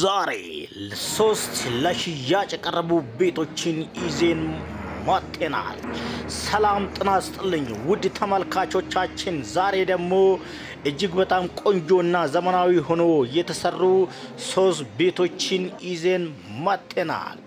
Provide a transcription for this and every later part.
ዛሬ ሶስት ለሽያጭ የቀረቡ ቤቶችን ይዜን መጥተናል። ሰላም ጥና ስጥልኝ ውድ ተመልካቾቻችን፣ ዛሬ ደግሞ እጅግ በጣም ቆንጆና ዘመናዊ ሆኖ የተሰሩ ሶስት ቤቶችን ይዜን ማጤናል።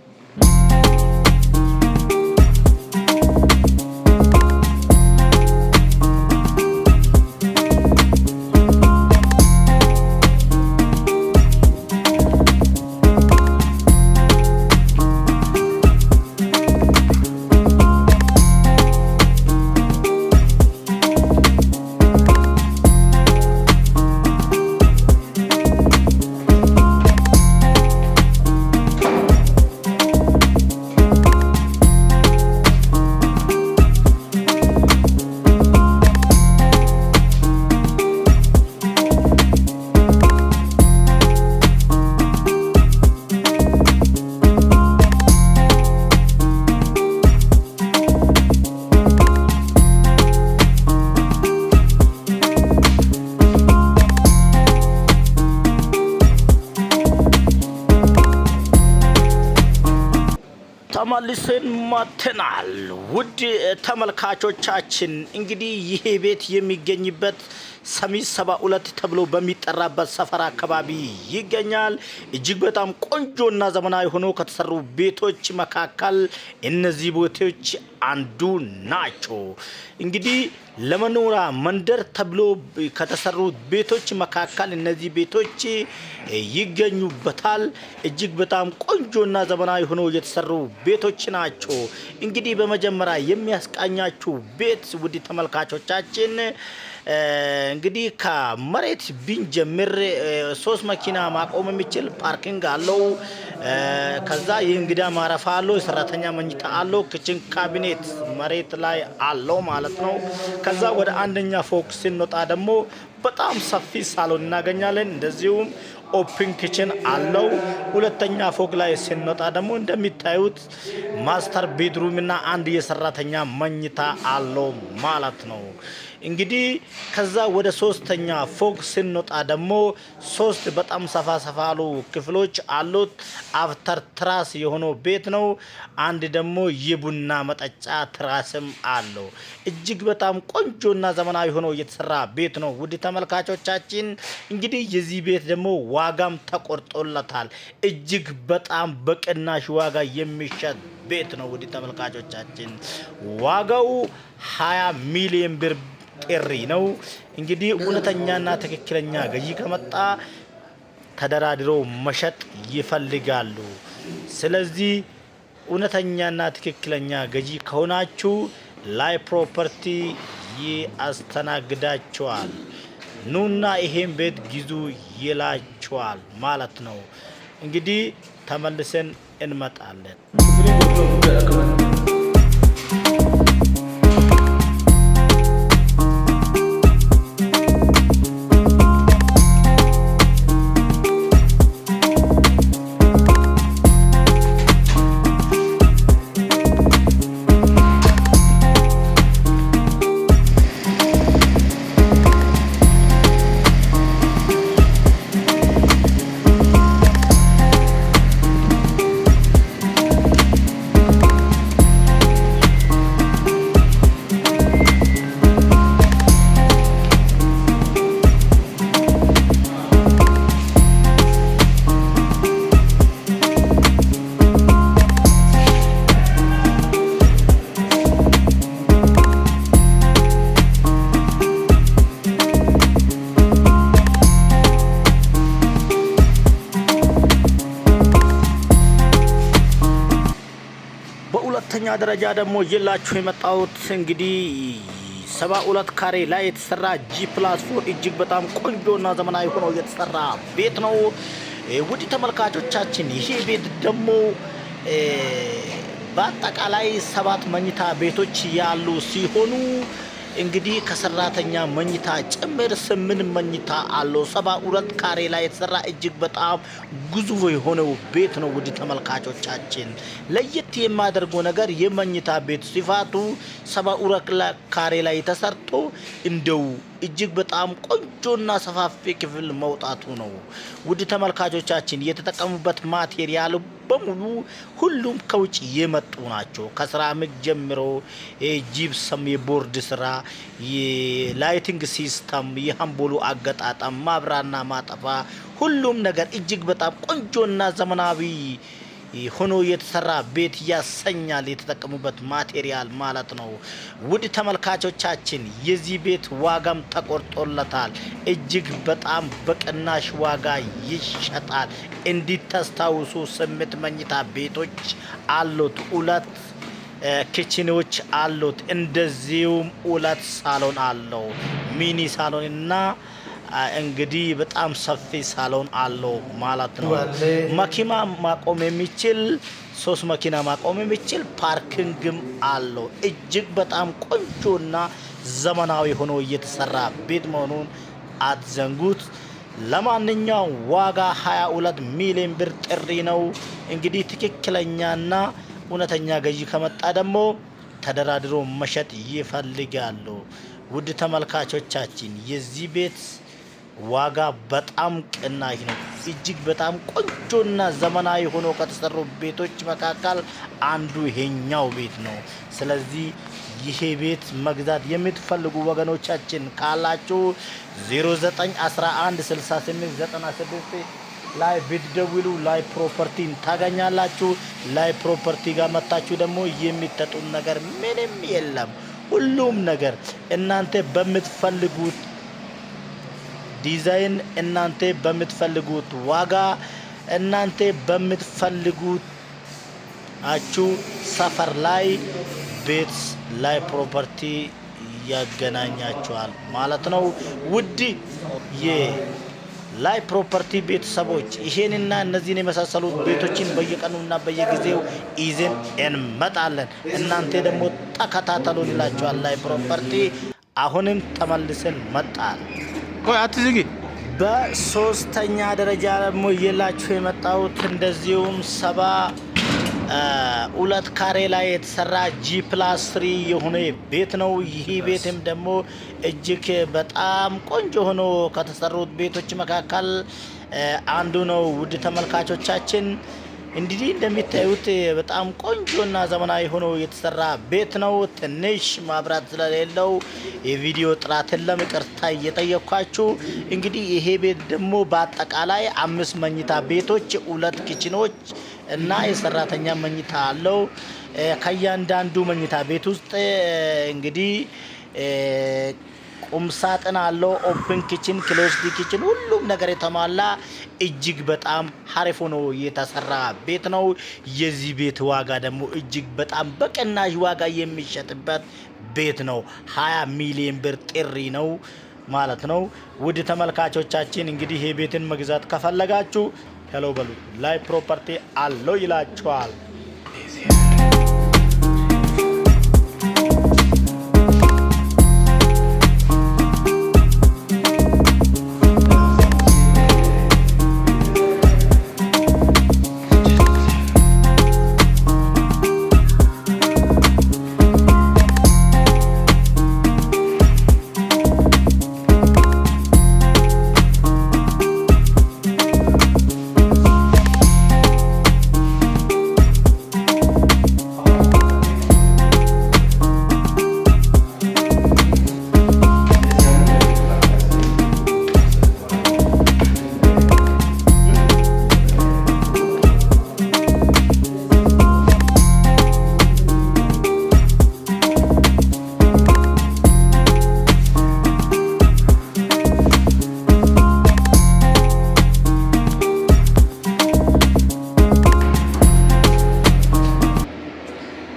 ተመልሰን መጥተናል። ውድ ተመልካቾቻችን እንግዲህ ይሄ ቤት የሚገኝበት ሰሚት 72 ተብሎ በሚጠራበት ሰፈር አካባቢ ይገኛል። እጅግ በጣም ቆንጆና ዘመናዊ ሆኖ ከተሰሩ ቤቶች መካከል እነዚህ ቤቶች አንዱ ናቸው። እንግዲህ ለመኖሪያ መንደር ተብሎ ከተሰሩት ቤቶች መካከል እነዚህ ቤቶች ይገኙበታል። እጅግ በጣም ቆንጆና ዘመናዊ ሆኖ የተሰሩ ቤቶች ናቸው። እንግዲህ በመጀመሪያ የሚያስቃኛችሁ ቤት ውድ ተመልካቾቻችን እንግዲህ ከመሬት ቢንጀምር ሶስት መኪና ማቆም የሚችል ፓርኪንግ አለው። ከዛ ይህ ማረፋ አለው፣ የሰራተኛ መኝታ አለው፣ ክችን ካቢኔት መሬት ላይ አለው ማለት ነው። ከዛ ወደ አንደኛ ፎቅ ስንወጣ ደግሞ በጣም ሰፊ ሳሎን እናገኛለን። እንደዚሁም ኦፕን ኪችን አለው። ሁለተኛ ፎቅ ላይ ስንወጣ ደግሞ እንደሚታዩት ማስተር ቤድሩም እና አንድ የሰራተኛ መኝታ አለው ማለት ነው። እንግዲህ ከዛ ወደ ሶስተኛ ፎቅ ስንወጣ ደግሞ ሶስት በጣም ሰፋ ሰፋ ያሉ ክፍሎች አሉት። አፍተር ትራስ የሆነው ቤት ነው። አንድ ደግሞ የቡና መጠጫ ትራስም አለው። እጅግ በጣም ቆንጆና ዘመናዊ ሆኖ የተሰራ ቤት ነው ውድ ተመልካቾቻችን እንግዲህ የዚህ ቤት ደግሞ ዋጋም ተቆርጦለታል። እጅግ በጣም በቅናሽ ዋጋ የሚሸጥ ቤት ነው። ውድ ተመልካቾቻችን ዋጋው 20 ሚሊዮን ብር ጥሪ ነው። እንግዲህ እውነተኛና ትክክለኛ ገዢ ከመጣ ተደራድሮ መሸጥ ይፈልጋሉ። ስለዚህ እውነተኛና ትክክለኛ ገዢ ከሆናችሁ ላይ ፕሮፐርቲ ያስተናግዳችኋል። ኑና ይሄን ቤት ግዙ ይላችኋል ማለት ነው። እንግዲህ ተመልሰን እንመጣለን። በሁለተኛ ደረጃ ደግሞ ይላችሁ የመጣሁት እንግዲህ ሰባ ሁለት ካሬ ላይ የተሰራ ጂ ፕላስ ፎር እጅግ በጣም ቆንጆና ዘመናዊ ሆኖ የተሰራ ቤት ነው። ውድ ተመልካቾቻችን ይሄ ቤት ደግሞ በአጠቃላይ ሰባት መኝታ ቤቶች ያሉ ሲሆኑ እንግዲህ ከሰራተኛ መኝታ ጭምር ስምንት መኝታ አለው። ሰባ ሁለት ካሬ ላይ የተሰራ እጅግ በጣም ግዙፍ የሆነው ቤት ነው። ውድ ተመልካቾቻችን ለየት የማደርገው ነገር የመኝታ ቤት ሲፋቱ ሰባ ሁለት ካሬ ላይ ተሰርቶ እንደው እጅግ በጣም ቆንጆና ሰፋፊ ክፍል መውጣቱ ነው። ውድ ተመልካቾቻችን የተጠቀሙበት ማቴሪያል በሙሉ ሁሉም ከውጭ የመጡ ናቸው። ከስራ ምግ ጀምሮ ጂፕሰም፣ የቦርድ ስራ፣ የላይቲንግ ሲስተም፣ የሀምቦሉ አገጣጠም፣ ማብራና ማጠፋ ሁሉም ነገር እጅግ በጣም ቆንጆና ዘመናዊ ሆኖ የተሰራ ቤት ያሰኛል። የተጠቀሙበት ማቴሪያል ማለት ነው። ውድ ተመልካቾቻችን የዚህ ቤት ዋጋም ተቆርጦለታል። እጅግ በጣም በቅናሽ ዋጋ ይሸጣል። እንዲታስታውሱ ስምንት መኝታ ቤቶች አሉት። ሁለት ክችኖች አሉት። እንደዚሁም ሁለት ሳሎን አለው። ሚኒ ሳሎን እና እንግዲህ በጣም ሰፊ ሳሎን አለው ማለት ነው። መኪና ማቆም የሚችል ሶስት መኪና ማቆም የሚችል ፓርኪንግም አለው። እጅግ በጣም ቆንጆና ዘመናዊ ሆኖ እየተሰራ ቤት መሆኑን አትዘንጉት። ለማንኛውም ዋጋ 22 ሚሊዮን ብር ጥሪ ነው። እንግዲህ ትክክለኛና እውነተኛ ገዢ ከመጣ ደግሞ ተደራድሮ መሸጥ ይፈልጋሉ። ውድ ተመልካቾቻችን የዚህ ቤት ዋጋ በጣም ቅናሽ ነው። እጅግ በጣም ቆንጆና ዘመናዊ ሆኖ ከተሰሩ ቤቶች መካከል አንዱ ይሄኛው ቤት ነው። ስለዚህ ይሄ ቤት መግዛት የምትፈልጉ ወገኖቻችን ካላችሁ 09116896 ላይ ብትደውሉ ላይ ፕሮፐርቲን ታገኛላችሁ። ላይ ፕሮፐርቲ ጋር መታችሁ ደግሞ የሚጠጡን ነገር ምንም የለም። ሁሉም ነገር እናንተ በምትፈልጉት ዲዛይን እናንተ በምትፈልጉት ዋጋ እናንተ በምትፈልጉት አችሁ ሰፈር ላይ ቤት ላይ ፕሮፐርቲ ያገናኛችኋል ማለት ነው። ውድ የላይ ፕሮፐርቲ ቤተሰቦች ይሄንና እነዚህን የመሳሰሉት ቤቶችን በየቀኑና በየጊዜው ይዘን እንመጣለን። እናንተ ደግሞ ተከታተሉን ይላችኋል ላይ ፕሮፐርቲ። አሁንም ተመልሰን መጣል ቆይ አትዝጊ። በሶስተኛ ደረጃ ደግሞ እየላችሁ የመጣሁት እንደዚሁም ሰባ ሁለት ካሬ ላይ የተሰራ ጂ ፕላስ ትሪ የሆነ ቤት ነው። ይህ ቤትም ደግሞ እጅግ በጣም ቆንጆ ሆኖ ከተሰሩት ቤቶች መካከል አንዱ ነው። ውድ ተመልካቾቻችን እንግዲህ እንደሚታዩት በጣም ቆንጆና ዘመናዊ ሆኖ የተሰራ ቤት ነው። ትንሽ ማብራት ስለሌለው የቪዲዮ ጥራትን ለምቅርታ እየጠየኳችሁ እንግዲህ ይሄ ቤት ደግሞ በአጠቃላይ አምስት መኝታ ቤቶች፣ ሁለት ኪችኖች እና የሰራተኛ መኝታ አለው። ከእያንዳንዱ መኝታ ቤት ውስጥ እንግዲህ ቁምሳጥን አለው። ኦፕን ኪችን፣ ክሎዝድ ኪችን፣ ሁሉም ነገር የተሟላ እጅግ በጣም ሀሪፍ ሆኖ የተሰራ ቤት ነው። የዚህ ቤት ዋጋ ደግሞ እጅግ በጣም በቅናሽ ዋጋ የሚሸጥበት ቤት ነው። 20 ሚሊዮን ብር ጥሪ ነው ማለት ነው። ውድ ተመልካቾቻችን እንግዲህ ይህ ቤትን መግዛት ከፈለጋችሁ ሄሎ በሉ ላይ ፕሮፐርቲ አለው ይላችኋል።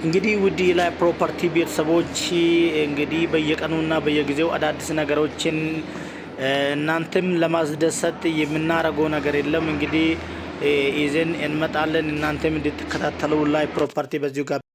እንግዲህ ውድ ላይ ፕሮፐርቲ ቤተሰቦች እንግዲህ በየቀኑና በየጊዜው አዳዲስ ነገሮችን እናንተም ለማስደሰት የምናደርገው ነገር የለም። እንግዲህ ይዘን እንመጣለን። እናንተም እንድትከታተሉ ላይ ፕሮፐርቲ በዚሁ ጋር